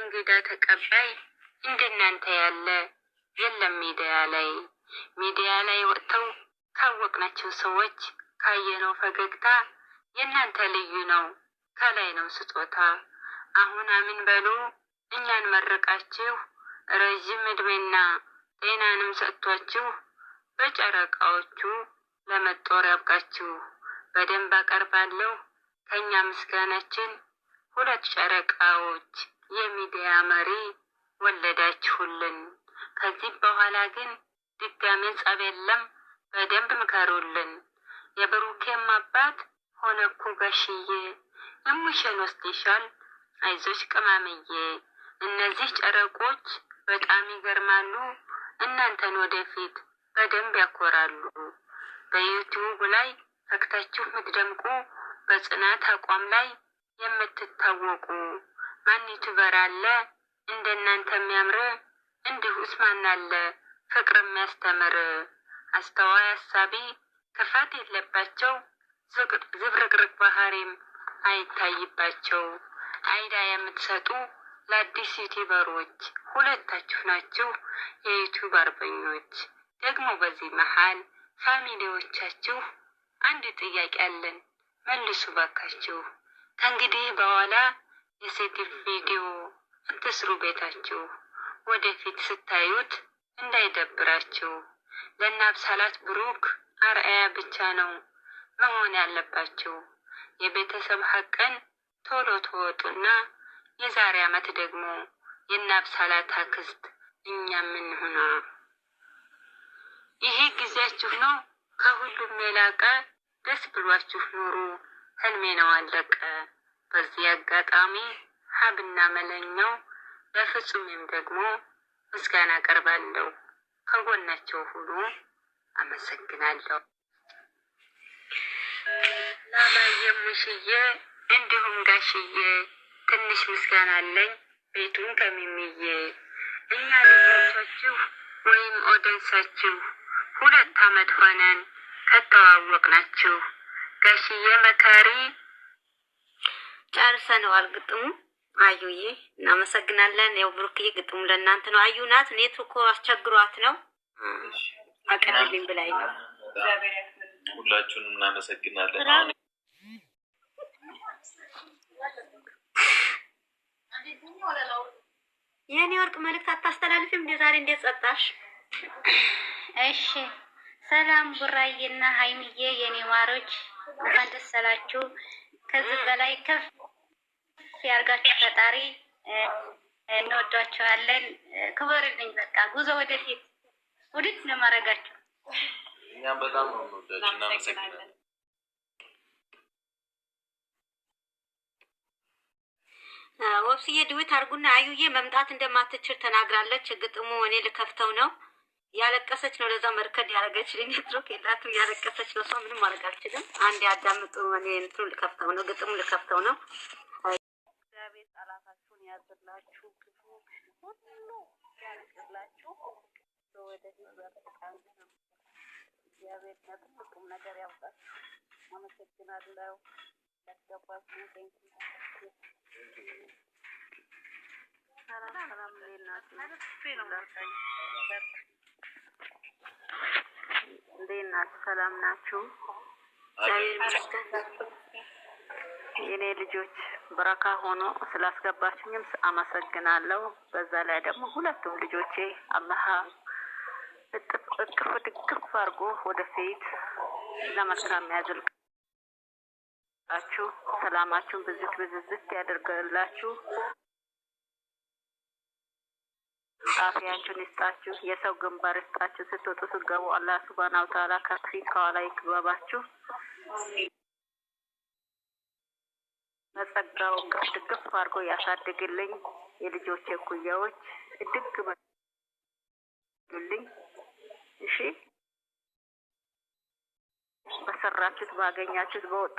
እንግዳ ተቀባይ እንደናንተ ያለ የለም። ሚዲያ ላይ ሚዲያ ላይ ወጥተው ካወቅናቸው ሰዎች ካየነው ፈገግታ የእናንተ ልዩ ነው፣ ከላይ ነው ስጦታ። አሁን አምን በሉ እኛን መርቃችሁ ረዥም እድሜና ጤናንም ሰጥቷችሁ በጨረቃዎቹ ለመጦር ያብቃችሁ። በደንብ አቀርባለሁ ከእኛ ምስጋናችን ሁለት ጨረቃዎች የሚዲያ መሪ ወለዳችሁልን። ከዚህ በኋላ ግን ድጋሜ ጸብ የለም። በደንብ ምከሩልን። የብሩኬም አባት ሆነ እኮ ጋሽዬ እሙሽን ወስድሻል። አይዞች ቅማምዬ፣ እነዚህ ጨረቆች በጣም ይገርማሉ። እናንተን ወደፊት በደንብ ያኮራሉ። በዩቲዩብ ላይ ፈክታችሁ ምትደምቁ፣ በጽናት አቋም ላይ የምትታወቁ ማን ዩቱበር አለ እንደ የሚያምር እንዲሁስ ማን አለ ፍቅር የሚያስተምር አስተዋይ አሳቢ ክፋት የለባቸው ዝብርቅርቅ ባህሪም አይታይባቸው አይዳ የምትሰጡ ለአዲስ ዩቲበሮች ሁለታችሁ ናችሁ የዩቱብ አርበኞች። ደግሞ በዚህ መሀል ፋሚሊዎቻችሁ አንድ ጥያቄ አለን፣ መልሱ ባካችሁ። ከእንግዲህ በኋላ የሴቲቭ ቪዲዮ አትስሩ ቤታችሁ። ወደፊት ስታዩት እንዳይደብራችሁ። ለናብሳላት ብሩክ አርአያ ብቻ ነው መሆን ያለባችሁ። የቤተሰብ ሀቅን ቶሎ ተወጡና የዛሬ ዓመት ደግሞ የናብሳላት አክስት እኛ ምንሆና ይሄ ጊዜያችሁ ነው። ከሁሉም የላቀ ደስ ብሏችሁ ኑሩ። ህልሜ ነው አለቀ። በዚህ አጋጣሚ ሀብና መለኛው ለፍጹምም ደግሞ ምስጋና አቀርባለሁ። ከጎናቸው ሁሉ አመሰግናለሁ። ላማየም ሙሽዬ እንዲሁም ጋሽዬ ትንሽ ምስጋና አለኝ። ቤቱን ከሚሚዬ እኛ ልጆቻችሁ ወይም ኦደንሳችሁ ሁለት አመት ሆነን ከተዋወቅናችሁ። ጋሽዬ መካሪ ጨርሰነዋል። ግጥሙ አዩዬ እናመሰግናለን። ያው ብሩክዬ ግጥሙ ለእናንተ ነው። አዩ ናት። ኔት እኮ አስቸግሯት ነው አቅርብልኝ ብላኝ ነው። ሁላችሁንም እናመሰግናለን። የእኔ ወርቅ መልእክት አታስተላልፊም እንዴ ዛሬ? እንዴት ጸጣሽ? እሺ ሰላም ቡራዬና ሀይሚዬ የኔ ማሮች እንኳን ደስ አላችሁ። ከዚህ በላይ ከፍ ያርጋችሁ ፈጣሪ። እንወዷቸዋለን። ክበርልኝ። በቃ ጉዞ ወደፊት ውድት ነው ማረጋችሁ። እኛም በጣም ነው እንወዳችሁ፣ እናመሰግናለን። ወብስዬ ድዊት አድርጉና አዩዬ መምጣት እንደማትችል ተናግራለች። ግጥሙ እኔ ልከፍተው ነው። ያለቀሰች ነው። ለዛ መርከድ ያደረገችልኝ ኔትሮክ የላትም ያለቀሰች ነው። ሰው ምንም ማድረግ አልችልም። አንድ ያዳምጡ። እኔ እንትኑ ልከፍተው ነው፣ ግጥሙ ልከፍተው ነው። ጠላታችሁን ያዝላችሁ፣ ክፉ ሁሉ ያዝላችሁ። ወደፊት በጣም እግዚአብሔር ለትልቁም ነገር ያውጣችሁ። አመሰግናለሁ ያስገባችሁ። ሰላም ሰላም፣ እንዴት ናችሁ? እንዴት ናችሁ? ሰላም ናችሁ የኔ ልጆች? በረካ ሆኖ ስላስገባችኝም አመሰግናለሁ። በዛ ላይ ደግሞ ሁለቱም ልጆቼ አላህ እቅፍ ድግፍ አድርጎ ወደፊት ለመልካም ያዘልቃችሁ። ሰላማችሁን ብዝት ብዝዝት ያደርግላችሁ። ጣፊያችሁን ይስጣችሁ። የሰው ግንባር ይስጣችሁ። ስትወጡ ስትገቡ አላህ ሱብሃነሁ ወተዓላ ከፊት ከኋላ ይክበባችሁ። በጸጋው ድግፍ አድርጎ ያሳድግልኝ። የልጆች እኩያዎች እድግ በሉልኝ። እሺ በሰራችሁት ባገኛችሁት በወጣ